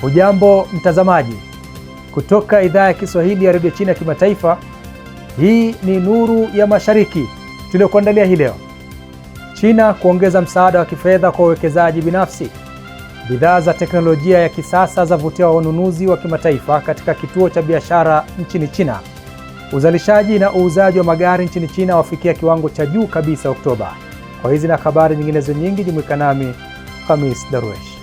Hujambo mtazamaji kutoka idhaa ya Kiswahili ya redio China ya kimataifa. Hii ni Nuru ya Mashariki tuliyokuandalia hii leo. China kuongeza msaada wa kifedha kwa uwekezaji binafsi. Bidhaa za teknolojia ya kisasa zavutia wa wanunuzi wa kimataifa katika kituo cha biashara nchini China. Uzalishaji na uuzaji wa magari nchini China wafikia kiwango cha juu kabisa Oktoba. Kwa hizi na habari nyinginezo nyingi, jumuika nami Khamis Darwesh.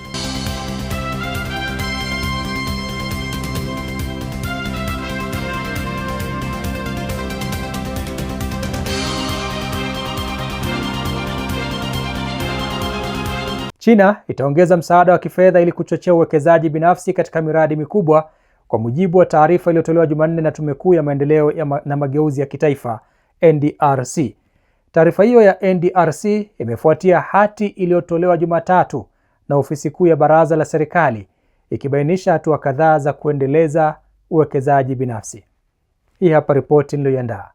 China itaongeza msaada wa kifedha ili kuchochea uwekezaji binafsi katika miradi mikubwa, kwa mujibu wa taarifa iliyotolewa Jumanne na Tume Kuu ya Maendeleo ya ma na Mageuzi ya Kitaifa NDRC. Taarifa hiyo ya NDRC imefuatia hati iliyotolewa Jumatatu na ofisi kuu ya baraza la serikali ikibainisha hatua kadhaa za kuendeleza uwekezaji binafsi. Hii hapa ripoti niliyoiandaa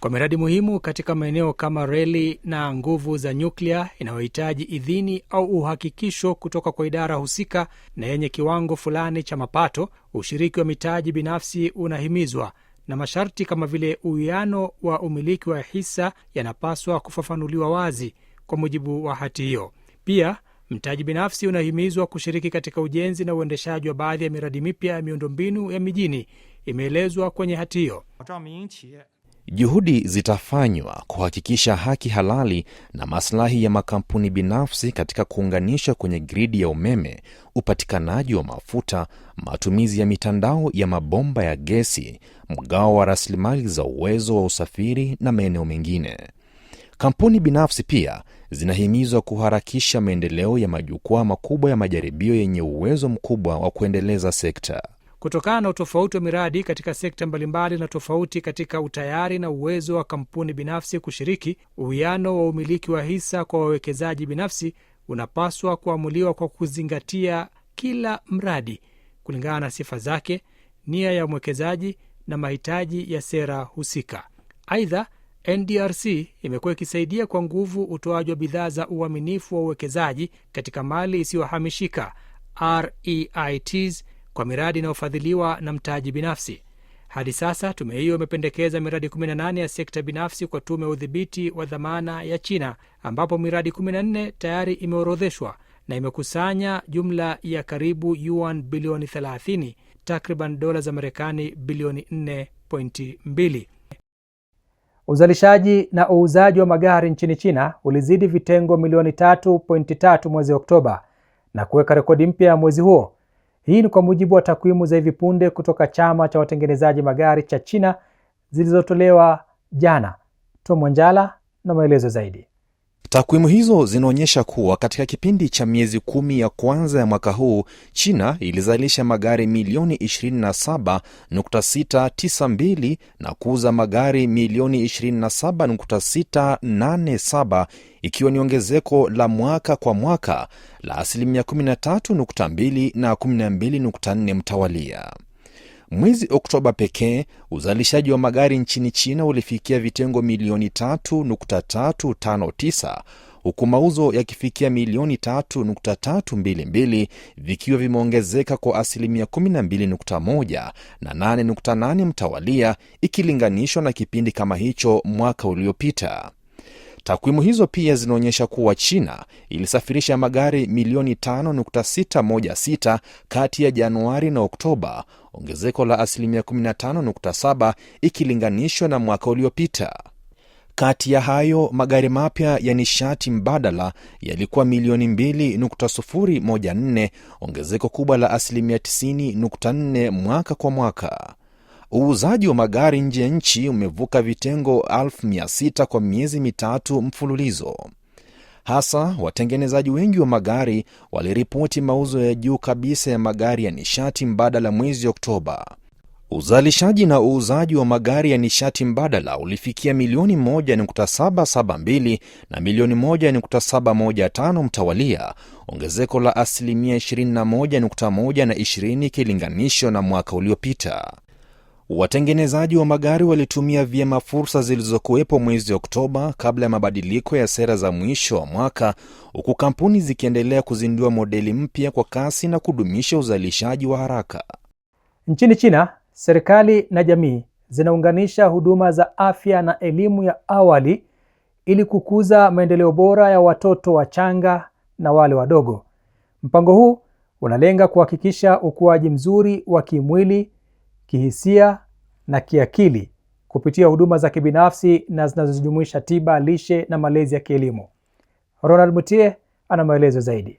kwa miradi muhimu katika maeneo kama reli na nguvu za nyuklia inayohitaji idhini au uhakikisho kutoka kwa idara husika na yenye kiwango fulani cha mapato, ushiriki wa mitaji binafsi unahimizwa na masharti kama vile uwiano wa umiliki wa hisa yanapaswa kufafanuliwa wazi kwa mujibu wa hati hiyo. Pia mtaji binafsi unahimizwa kushiriki katika ujenzi na uendeshaji wa baadhi ya miradi mipya ya miundombinu ya mijini, imeelezwa kwenye hati hiyo. Juhudi zitafanywa kuhakikisha haki halali na maslahi ya makampuni binafsi katika kuunganishwa kwenye gridi ya umeme, upatikanaji wa mafuta, matumizi ya mitandao ya mabomba ya gesi, mgao wa rasilimali za uwezo wa usafiri na maeneo mengine. Kampuni binafsi pia zinahimizwa kuharakisha maendeleo ya majukwaa makubwa ya majaribio yenye uwezo mkubwa wa kuendeleza sekta kutokana na utofauti wa miradi katika sekta mbalimbali na tofauti katika utayari na uwezo wa kampuni binafsi kushiriki. Uwiano wa umiliki wa hisa kwa wawekezaji binafsi unapaswa kuamuliwa kwa kuzingatia kila mradi kulingana na sifa zake, nia ya mwekezaji na mahitaji ya sera husika. Aidha, NDRC imekuwa ikisaidia kwa nguvu utoaji wa bidhaa za uaminifu wa uwekezaji katika mali isiyohamishika REITs kwa miradi inayofadhiliwa na mtaji binafsi. Hadi sasa tume hiyo imependekeza miradi 18 ya sekta binafsi kwa tume ya udhibiti wa dhamana ya China, ambapo miradi 14 tayari imeorodheshwa na imekusanya jumla ya karibu yuan bilioni 30, takriban dola za Marekani bilioni 4.2. Uzalishaji na uuzaji wa magari nchini China ulizidi vitengo milioni 3.3 mwezi Oktoba na kuweka rekodi mpya ya mwezi huo hii ni kwa mujibu wa takwimu za hivi punde kutoka chama cha watengenezaji magari cha China zilizotolewa jana. Tom Wanjala na maelezo zaidi. Takwimu hizo zinaonyesha kuwa katika kipindi cha miezi kumi ya kwanza ya mwaka huu, China ilizalisha magari milioni 27.692 na kuuza magari milioni 27.687 ikiwa ni ongezeko la mwaka kwa mwaka la asilimia 13.2 na 12.4 mtawalia. Mwezi Oktoba pekee uzalishaji wa magari nchini China ulifikia vitengo milioni 3.359 huku mauzo yakifikia milioni 3.322 vikiwa vimeongezeka kwa asilimia 12.1 na 8.8 mtawalia ikilinganishwa na kipindi kama hicho mwaka uliopita. Takwimu hizo pia zinaonyesha kuwa China ilisafirisha magari milioni 5.616 kati ya Januari na Oktoba, ongezeko la asilimia 15.7 ikilinganishwa na mwaka uliopita. Kati ya hayo magari mapya ya nishati mbadala yalikuwa milioni 2.014, ongezeko kubwa la asilimia 90.4 mwaka kwa mwaka. Uuzaji wa magari nje ya nchi umevuka vitengo 6 kwa miezi mitatu mfululizo. Hasa watengenezaji wengi wa magari waliripoti mauzo ya juu kabisa ya magari ya nishati mbadala mwezi Oktoba. Uzalishaji na uuzaji wa magari ya nishati mbadala ulifikia milioni 1.772 na milioni 1.715 mtawalia, ongezeko la asilimia 21.1 na 20 ikilinganishwa na mwaka uliopita. Watengenezaji wa magari walitumia vyema fursa zilizokuwepo mwezi Oktoba kabla ya mabadiliko ya sera za mwisho wa mwaka, huku kampuni zikiendelea kuzindua modeli mpya kwa kasi na kudumisha uzalishaji wa haraka. Nchini China, serikali na jamii zinaunganisha huduma za afya na elimu ya awali ili kukuza maendeleo bora ya watoto wachanga na wale wadogo. Mpango huu unalenga kuhakikisha ukuaji mzuri wa kimwili kihisia na kiakili kupitia huduma za kibinafsi na zinazojumuisha tiba, lishe na malezi ya kielimu. Ronald Mutie ana maelezo zaidi.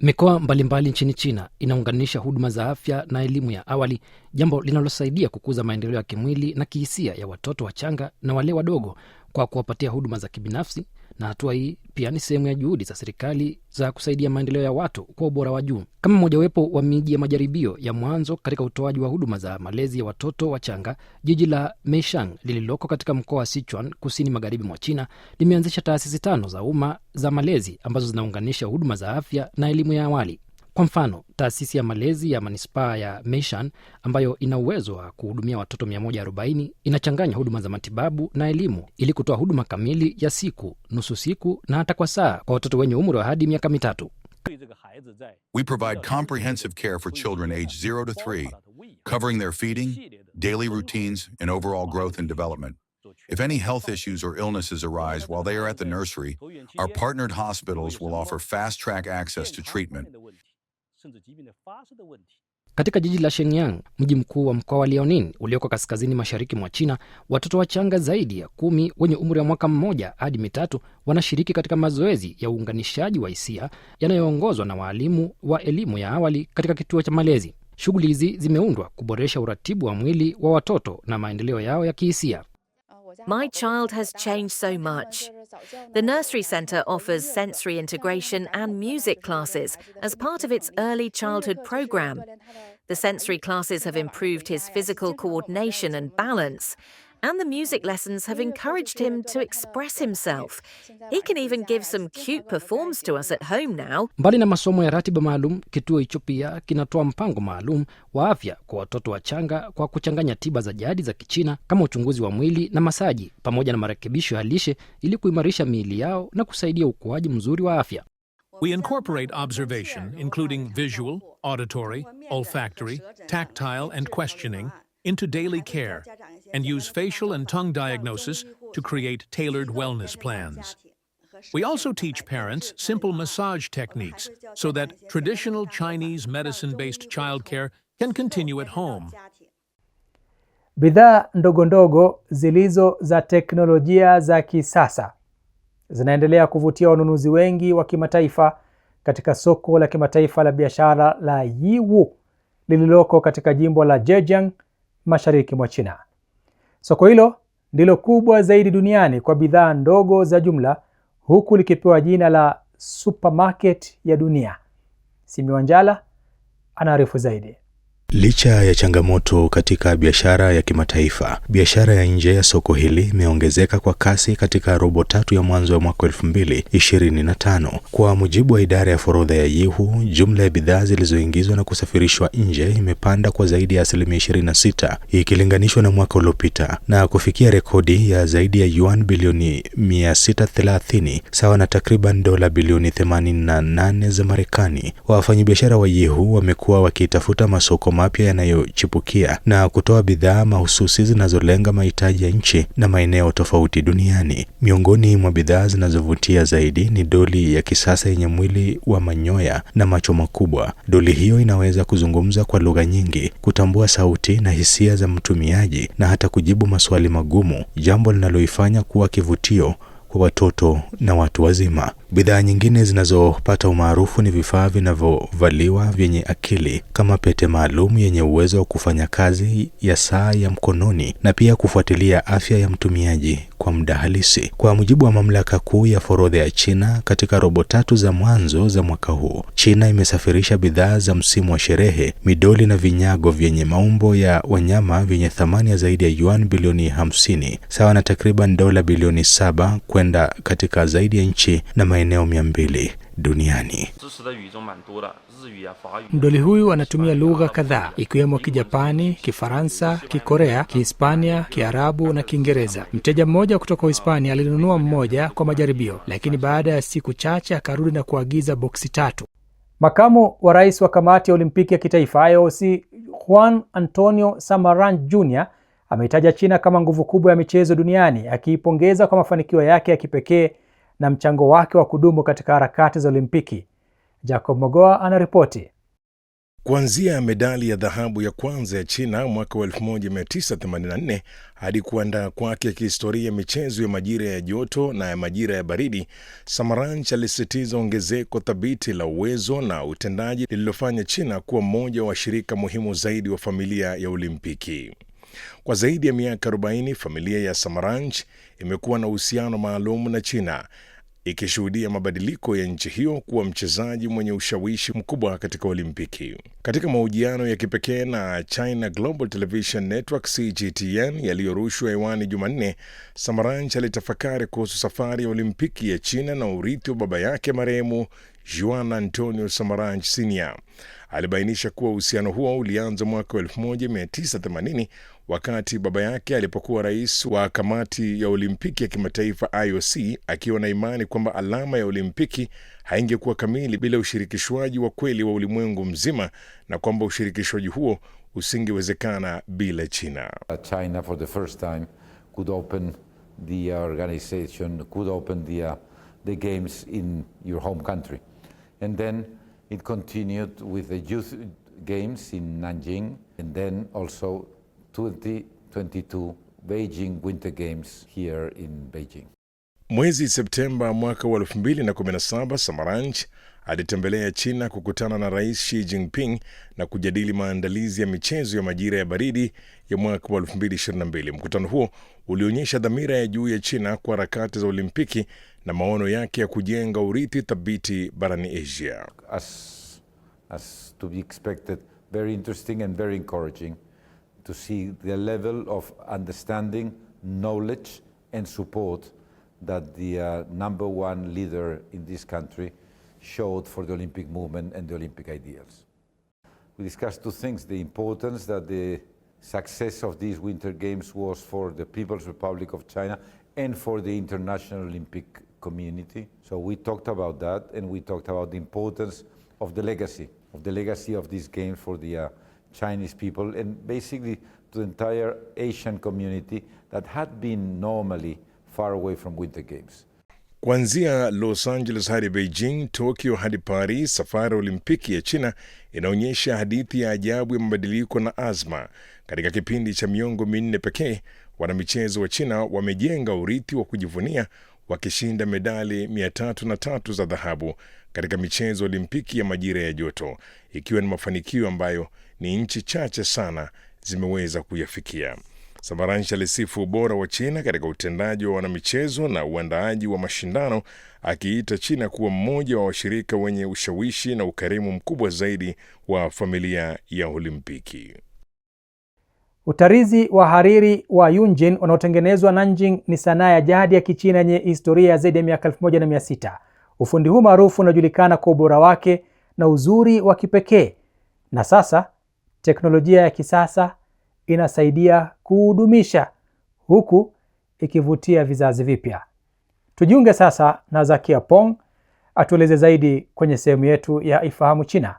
Mikoa mbalimbali nchini China inaunganisha huduma za afya na elimu ya awali, jambo linalosaidia kukuza maendeleo ya kimwili na kihisia ya watoto wachanga na wale wadogo kwa kuwapatia huduma za kibinafsi, na hatua hii pia ni sehemu ya juhudi za serikali za kusaidia maendeleo ya watu kwa ubora wa juu kama mojawapo wa miji ya majaribio ya mwanzo katika utoaji wa huduma za malezi ya watoto wachanga. Jiji la Meishang lililoko katika mkoa wa Sichuan, kusini magharibi mwa China, limeanzisha taasisi tano za umma za malezi ambazo zinaunganisha huduma za afya na elimu ya awali. Kwa mfano, taasisi ya malezi ya manispaa ya Meishan ambayo ina uwezo wa kuhudumia watoto 140 inachanganya huduma za matibabu na elimu ili kutoa huduma kamili ya siku, nusu siku na hata kwa saa kwa watoto wenye umri wa hadi miaka mitatu. We provide comprehensive care for children age 0 to 3, covering their feeding, daily routines, and overall growth and development. If any health issues or illnesses arise while they are at the nursery, our partnered hospitals will offer fast track access to treatment. Katika jiji la Shenyang, mji mkuu wa mkoa wa Liaoning ulioko kaskazini mashariki mwa China, watoto wachanga zaidi ya kumi wenye umri wa mwaka mmoja hadi mitatu wanashiriki katika mazoezi ya uunganishaji wa hisia yanayoongozwa na waalimu wa elimu ya awali katika kituo cha malezi. Shughuli hizi zimeundwa kuboresha uratibu wa mwili wa watoto na maendeleo yao ya kihisia. My child has changed so much. The nursery centre offers sensory integration and music classes as part of its early childhood programme. The sensory classes have improved his physical coordination and balance, and the music lessons have encouraged him to express himself. He can even give some cute performs to us at home now. Mbali na masomo ya ratiba maalum, kituo hicho pia kinatoa mpango maalum wa afya kwa watoto wachanga kwa kuchanganya tiba za jadi za Kichina kama uchunguzi wa mwili na masaji pamoja na marekebisho ya lishe ili kuimarisha miili yao na kusaidia ukuaji mzuri wa afya. We incorporate observation including visual, auditory, olfactory, tactile and questioning into daily care and use facial and tongue diagnosis to create tailored wellness plans. We also teach parents simple massage techniques so that traditional Chinese medicine-based childcare can continue at home. Bidhaa ndogo ndogo zilizo za teknolojia za kisasa zinaendelea kuvutia wanunuzi wengi wa kimataifa katika soko la kimataifa la biashara la Yiwu lililoko katika jimbo la Zhejiang mashariki mwa China. Soko hilo ndilo kubwa zaidi duniani kwa bidhaa ndogo za jumla, huku likipewa jina la supermarket ya dunia. Simiwanjala anaarifu zaidi. Licha ya changamoto katika biashara ya kimataifa, biashara ya nje ya soko hili imeongezeka kwa kasi katika robo tatu ya mwanzo wa mwaka tano. Kwa mujibu wa idara ya forodha ya Yihu, jumla ya bidhaa zilizoingizwa na kusafirishwa nje imepanda kwa zaidi ya asilimia 26 ikilinganishwa na mwaka uliopita na kufikia rekodi ya zaidi ya yuan bilioni 630 sawa na takriban dola bilioni 88 za Marekani. Wafanyabiashara wa Yihu wamekuwa wakitafuta masoko mapya yanayochipukia na kutoa bidhaa mahususi zinazolenga mahitaji ya nchi na maeneo tofauti duniani. Miongoni mwa bidhaa zinazovutia zaidi ni doli ya kisasa yenye mwili wa manyoya na macho makubwa. Doli hiyo inaweza kuzungumza kwa lugha nyingi, kutambua sauti na hisia za mtumiaji na hata kujibu maswali magumu, jambo linaloifanya kuwa kivutio kwa watoto na watu wazima. Bidhaa nyingine zinazopata umaarufu ni vifaa vinavyovaliwa vyenye akili kama pete maalum yenye uwezo wa kufanya kazi ya saa ya mkononi na pia kufuatilia afya ya mtumiaji kwa muda halisi. Kwa mujibu wa mamlaka kuu ya forodha ya China, katika robo tatu za mwanzo za mwaka huu, China imesafirisha bidhaa za msimu wa sherehe, midoli na vinyago vyenye maumbo ya wanyama vyenye thamani ya zaidi ya yuan bilioni 50 sawa na takriban dola bilioni 7 kwenda katika zaidi ya nchi na maeneo mbili duniani. Mdoli huyu anatumia lugha kadhaa ikiwemo Kijapani, Kifaransa, Kikorea, Kihispania, Kiarabu na Kiingereza. Mteja mmoja kutoka Uhispania alinunua mmoja kwa majaribio, lakini baada ya siku chache akarudi na kuagiza boksi tatu. Makamu wa rais wa kamati ya Olimpiki ya kitaifa IOC Juan Antonio samaran Jr ameitaja China kama nguvu kubwa ya michezo duniani akiipongeza kwa mafanikio yake ya kipekee na mchango wake wa kudumu katika harakati za Olimpiki. Jacob Mogoa anaripoti. Kuanzia medali ya dhahabu ya kwanza ya China mwaka wa 1984 hadi kuandaa kwake kihistoria michezo ya majira ya joto na ya majira ya baridi, Samaranch alisisitiza ongezeko thabiti la uwezo na utendaji lililofanya China kuwa mmoja wa washirika muhimu zaidi wa familia ya Olimpiki. Kwa zaidi ya miaka 40 familia ya Samaranch imekuwa na uhusiano maalum na China ikishuhudia mabadiliko ya nchi hiyo kuwa mchezaji mwenye ushawishi mkubwa katika Olimpiki. Katika mahojiano ya kipekee na China Global Television Network CGTN yaliyorushwa hewani Jumanne, Samaranch alitafakari kuhusu safari ya Olimpiki ya China na urithi wa baba yake marehemu Juan Antonio Samaranch sinia Alibainisha kuwa uhusiano huo ulianza mwaka 1980 wakati baba yake alipokuwa rais wa kamati ya Olimpiki ya kimataifa IOC, akiwa na imani kwamba alama ya Olimpiki haingekuwa kamili bila ushirikishwaji wa kweli wa ulimwengu mzima na kwamba ushirikishwaji huo usingewezekana bila China. China for the first time could open the organization, could open the, uh, the games in your home country. And then it continued with the youth games in Nanjing and then also 2022 Beijing Winter Games here in Beijing. Mwezi Septemba mwaka wa 2017 Samaranch alitembelea China kukutana na Rais Xi Jinping na kujadili maandalizi ya michezo ya majira ya baridi ya mwaka wa 2022. Mkutano huo ulionyesha dhamira ya juu ya China kwa harakati za Olimpiki na maono yake ya kujenga urithi thabiti barani Asia. As, as to be expected, very interesting and very encouraging. to see the level of understanding, knowledge, and support that the uh, number one leader in this country showed for the Olympic movement and the Olympic ideals. We discussed two things the importance that the success of these Winter Games was for the People's Republic of China and for the International Olympic community. So we talked about that and we talked about the importance of the legacy, of the legacy of these games for the uh, Chinese people and basically to the entire Asian community that had been normally far away from Winter Games. Kuanzia Los Angeles hadi Beijing, Tokyo hadi Paris, safari ya Olimpiki ya China inaonyesha hadithi ya ajabu ya mabadiliko na azma. Katika kipindi cha miongo minne pekee, wanamichezo wa China wamejenga urithi wa kujivunia wakishinda medali 303 za dhahabu katika michezo Olimpiki ya majira ya joto, ikiwa ni mafanikio ambayo ni nchi chache sana zimeweza kuyafikia. Samaranch alisifu ubora wa China katika utendaji wa wanamichezo na uandaaji wa mashindano, akiita China kuwa mmoja wa washirika wenye ushawishi na ukarimu mkubwa zaidi wa familia ya Olimpiki. Utarizi wa hariri wa Yunjin unaotengenezwa Nanjing ni sanaa ya jadi ya Kichina yenye historia ya zaidi ya miaka sita. Ufundi huu maarufu unajulikana kwa ubora wake na uzuri wa kipekee, na sasa teknolojia ya kisasa inasaidia kuudumisha huku ikivutia vizazi vipya. Tujiunge sasa na Zakia Pong atueleze zaidi kwenye sehemu yetu ya Ifahamu China.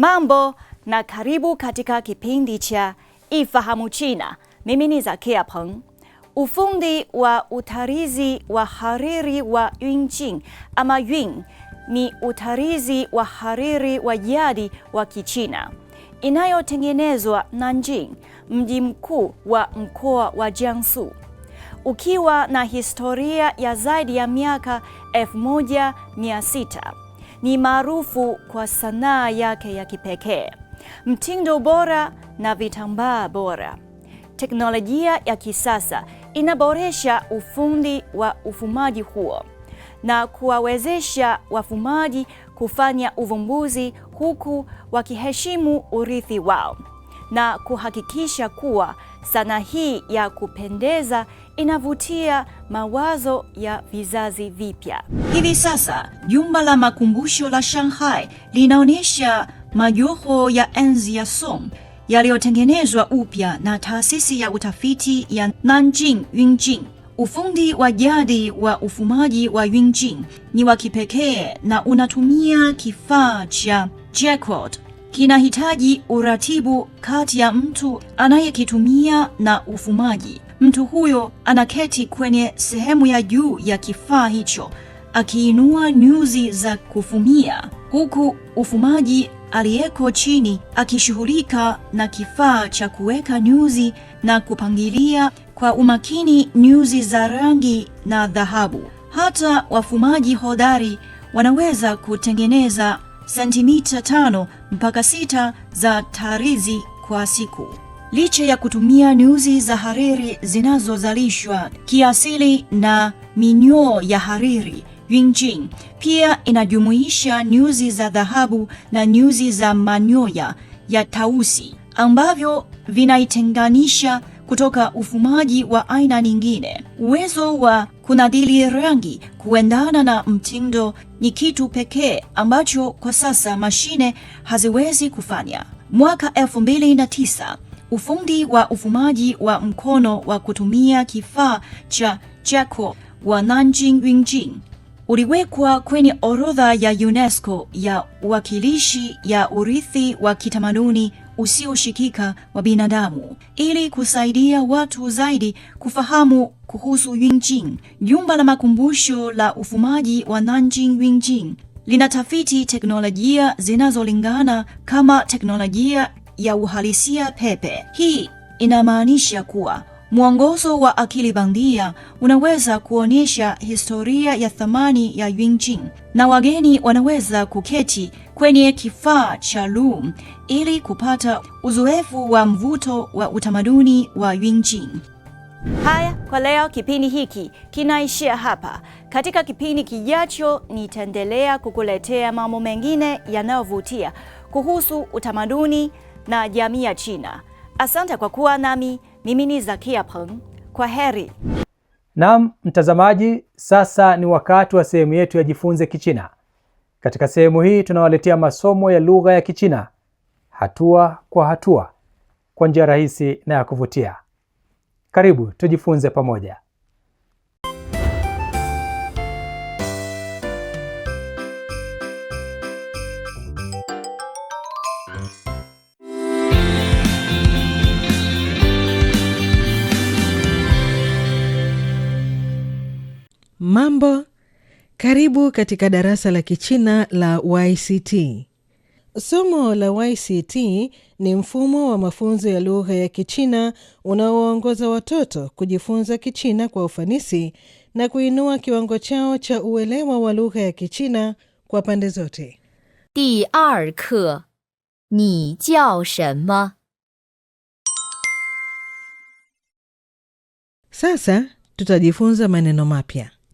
Mambo na karibu katika kipindi cha Ifahamu China. Mimi ni Zakia Peng. Ufundi wa utarizi wa hariri wa Yunjing ama Yun ni utarizi wa hariri wa jadi wa Kichina inayotengenezwa Nanjing, mji mkuu wa mkoa wa Jiangsu, ukiwa na historia ya zaidi ya miaka 1600 ni maarufu kwa sanaa yake ya kipekee, mtindo bora na vitambaa bora. Teknolojia ya kisasa inaboresha ufundi wa ufumaji huo na kuwawezesha wafumaji kufanya uvumbuzi huku wakiheshimu urithi wao na kuhakikisha kuwa Sanaa hii ya kupendeza inavutia mawazo ya vizazi vipya. Hivi sasa jumba la makumbusho la Shanghai linaonyesha majoho ya enzi ya Song yaliyotengenezwa upya na taasisi ya utafiti ya Nanjing Yunjing. Ufundi wa jadi wa ufumaji wa Yunjing ni wa kipekee na unatumia kifaa cha jacquard kinahitaji uratibu kati ya mtu anayekitumia na ufumaji. Mtu huyo anaketi kwenye sehemu ya juu ya kifaa hicho akiinua nyuzi za kufumia, huku ufumaji aliyeko chini akishughulika na kifaa cha kuweka nyuzi na kupangilia kwa umakini nyuzi za rangi na dhahabu. Hata wafumaji hodari wanaweza kutengeneza sentimita tano mpaka sita za tarizi kwa siku. Licha ya kutumia nyuzi za hariri zinazozalishwa kiasili na minyoo ya hariri Yinjin, pia inajumuisha nyuzi za dhahabu na nyuzi za manyoya ya tausi ambavyo vinaitenganisha kutoka ufumaji wa aina nyingine. Uwezo wa kunadili rangi kuendana na mtindo ni kitu pekee ambacho kwa sasa mashine haziwezi kufanya. Mwaka elfu tisa ufundi wa ufumaji wa mkono wa kutumia kifaa cha Jacquot wa Nanjing Yunjing uliwekwa kwenye orodha ya UNESCO ya uwakilishi ya urithi wa kitamaduni usioshikika wa binadamu ili kusaidia watu zaidi kufahamu kuhusu Yunjin. Jumba la makumbusho la ufumaji wa Nanjing Yunjin linatafiti teknolojia zinazolingana kama teknolojia ya uhalisia pepe. Hii inamaanisha kuwa Mwongozo wa akili bandia unaweza kuonyesha historia ya thamani ya Yuanjing, na wageni wanaweza kuketi kwenye kifaa cha maalum ili kupata uzoefu wa mvuto wa utamaduni wa Yuanjing. Haya kwa leo, kipindi hiki kinaishia hapa. Katika kipindi kijacho, nitaendelea kukuletea mambo mengine yanayovutia kuhusu utamaduni na jamii ya China. Asante kwa kuwa nami. Mimi ni Zakia Peng, kwa heri. Naam mtazamaji, sasa ni wakati wa sehemu yetu ya jifunze Kichina. Katika sehemu hii tunawaletea masomo ya lugha ya Kichina hatua kwa hatua kwa njia rahisi na ya kuvutia. Karibu tujifunze pamoja. Mambo, karibu katika darasa la Kichina la YCT. Somo la YCT ni mfumo wa mafunzo ya lugha ya Kichina unaowaongoza watoto kujifunza Kichina kwa ufanisi na kuinua kiwango chao cha uelewa wa lugha ya Kichina kwa pande zote. Sasa tutajifunza maneno mapya.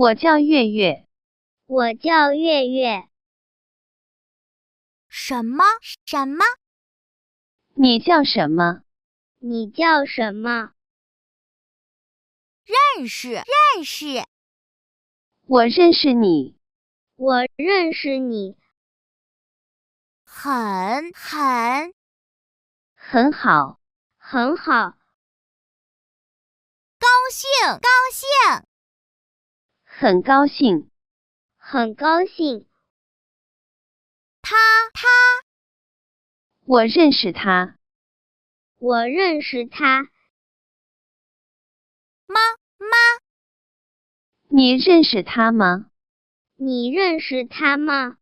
我叫月月，我叫月月。什么？什么？你叫什么？你叫什么？认识，认识。我认识你，我认识你。很，很，很好，很好。高兴，高兴。很高兴，很高兴。他他，我认识他，我认识他。妈妈，你认识他吗？你认识他吗？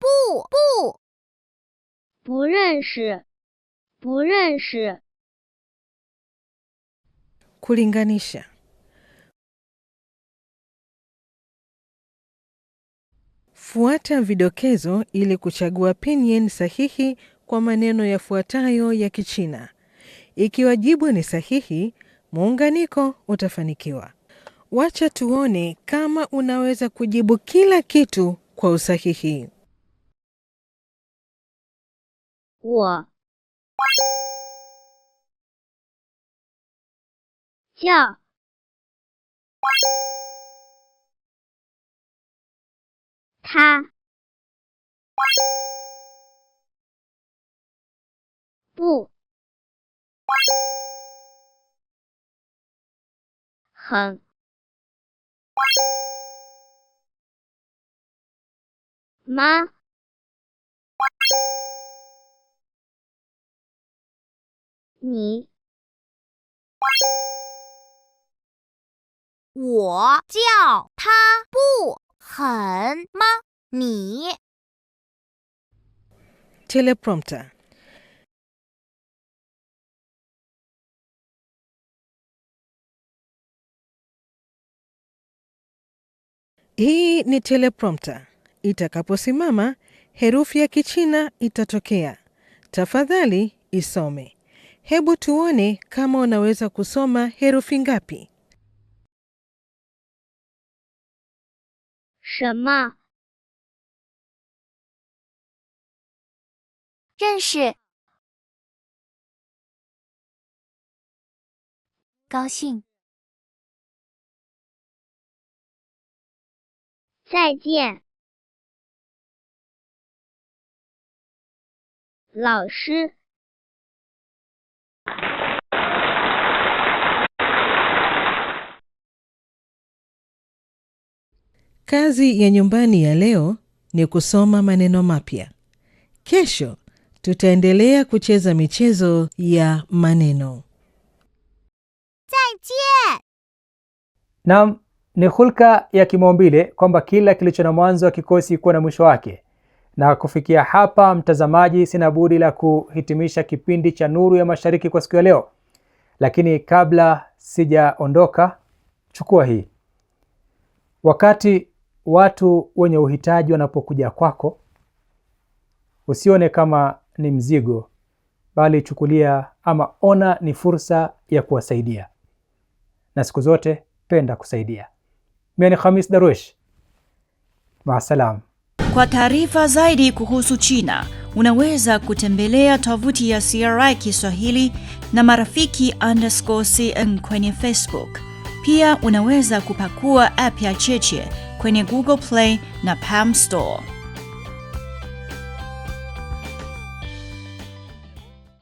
不不，不认识，不认识。Fuata vidokezo ili kuchagua pinyin sahihi kwa maneno yafuatayo ya Kichina. Ikiwa jibu ni sahihi, muunganiko utafanikiwa. Wacha tuone kama unaweza kujibu kila kitu kwa usahihi. Wa. Yeah. 他不很吗？你我叫他不很吗？米 teleprompter Hii ni teleprompter. Itakaposimama, herufi ya Kichina itatokea. Tafadhali isome. Hebu tuone kama unaweza kusoma herufi ngapi. Shema. 认识，高兴，再见，老师。Kazi ya nyumbani ya leo ni kusoma maneno mapya. Kesho tutaendelea kucheza michezo ya maneno. Naam, ni hulka ya kimaumbile kwamba kila kilicho na mwanzo kikosi kuwa na mwisho wake. Na kufikia hapa, mtazamaji, sina budi la kuhitimisha kipindi cha Nuru ya Mashariki kwa siku ya leo, lakini kabla sijaondoka, chukua hii. Wakati watu wenye uhitaji wanapokuja kwako, usione kama ni mzigo, bali chukulia ama ona ni fursa ya kuwasaidia, na siku zote penda kusaidia. Mimi ni Khamis Darwish, maasalam. Kwa taarifa zaidi kuhusu China unaweza kutembelea tovuti ya CRI Kiswahili na marafiki underscore cn kwenye Facebook. Pia unaweza kupakua app ya Cheche kwenye Google Play na Palm Store.